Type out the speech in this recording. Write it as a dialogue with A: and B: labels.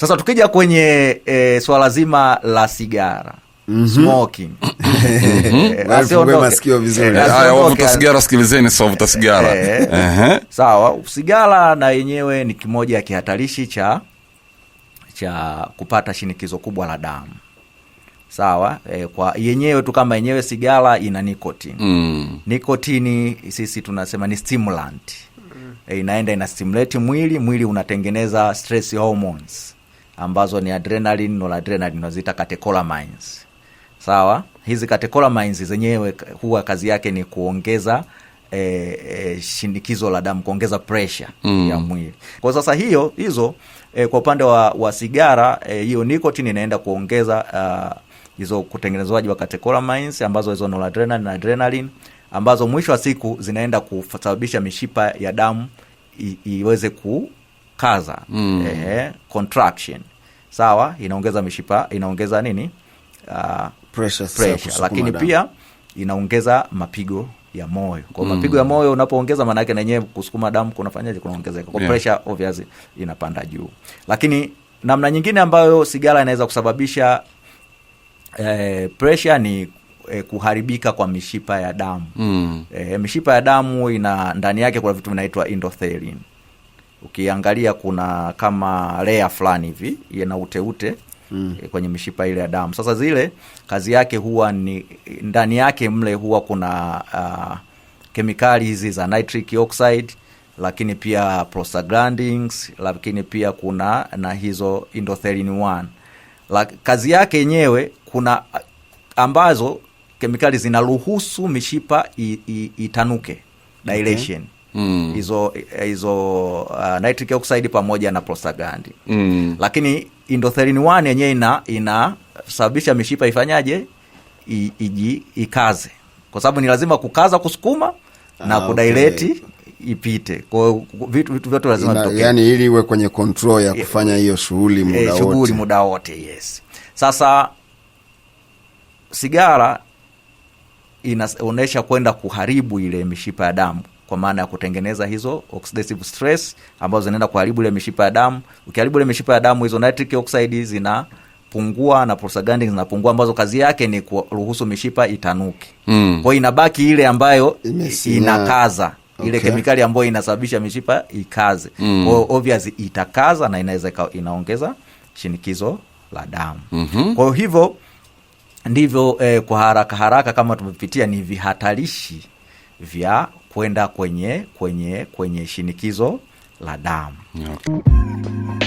A: Sasa tukija kwenye e, swala zima la sigara
B: mhm. eh, eh, sigara, sikilizeni sawavuta sigara.
A: Sawa, sigara na yenyewe ni kimoja ya kihatarishi cha cha kupata shinikizo kubwa la damu sawa. E, kwa yenyewe tu kama yenyewe sigara ina nikotin mm. Nikotini sisi tunasema ni stimulant mm. E, inaenda ina stimulate mwili, mwili unatengeneza stress hormones ambazo ni adrenaline, noradrenaline naziita catecholamines. Sawa, hizi catecholamines zenyewe huwa kazi yake ni kuongeza e, e, shinikizo la damu, kuongeza pressure mm. ya mwili. Kwa sasa hiyo hizo e, kwa upande wa, wa sigara hiyo e, nicotine inaenda kuongeza ah, hizo uh, kutengenezwaji wa catecholamines ambazo hizo noradrenaline na adrenaline ambazo mwisho wa siku zinaenda kusababisha mishipa ya damu i, iweze ku kaza mm. eh, contraction sawa, inaongeza mishipa, inaongeza nini uh, pressure, pressure. Lakini pia inaongeza mapigo ya moyo kwa mm. mapigo ya moyo unapoongeza, maana yake nenyewe kusukuma damu kunafanyaje, kunaongezeka kwa yeah. pressure obvious inapanda juu. Lakini namna nyingine ambayo sigara inaweza kusababisha eh, pressure ni eh, kuharibika kwa mishipa ya damu mm. eh, mishipa ya damu ina ndani yake kuna vitu vinaitwa endothelin ukiangalia kuna kama lea fulani hivi yana uteute mm. Eh, kwenye mishipa ile ya damu. Sasa zile kazi yake huwa ni ndani yake mle huwa kuna uh, kemikali hizi za nitric oxide lakini pia prostaglandins, lakini pia kuna na hizo endothelin 1 la, kazi yake yenyewe kuna ambazo kemikali zinaruhusu mishipa itanuke dilation. Okay. Hmm. hizo mm. hizo uh, nitric oxide pamoja na prostaglandin mm. Lakini endothelin 1 yenyewe ina inasababisha mishipa ifanyaje, iji, ikaze kwa sababu ni lazima kukaza kusukuma ah, na ah, kudaileti okay ipite kwa vitu vitu vyote lazima
B: yani ili iwe kwenye control ya eh, kufanya hiyo shughuli muda eh, wote,
A: shughuli muda wote. Yes, sasa sigara inaonesha kwenda kuharibu ile mishipa ya damu kwa maana ya kutengeneza hizo oxidative stress ambazo zinaenda kuharibu ile mishipa ya damu. Ukiharibu ile mishipa ya damu, hizo nitric oxide zinapungua na prostaglandins zinapungua, ambazo kazi yake ni kuruhusu mishipa itanuke. Mm. Kwa hiyo inabaki ile ambayo Imesina. inakaza ile okay, kemikali ambayo inasababisha mishipa ikaze. Mm. Kwa hiyo obvious itakaza na inaweza inaongeza shinikizo la damu. Mm -hmm. Kwa hivyo ndivyo eh, kwa haraka haraka kama tumepitia ni vihatarishi vya kwenda kwenye kwenye kwenye shinikizo la damu okay.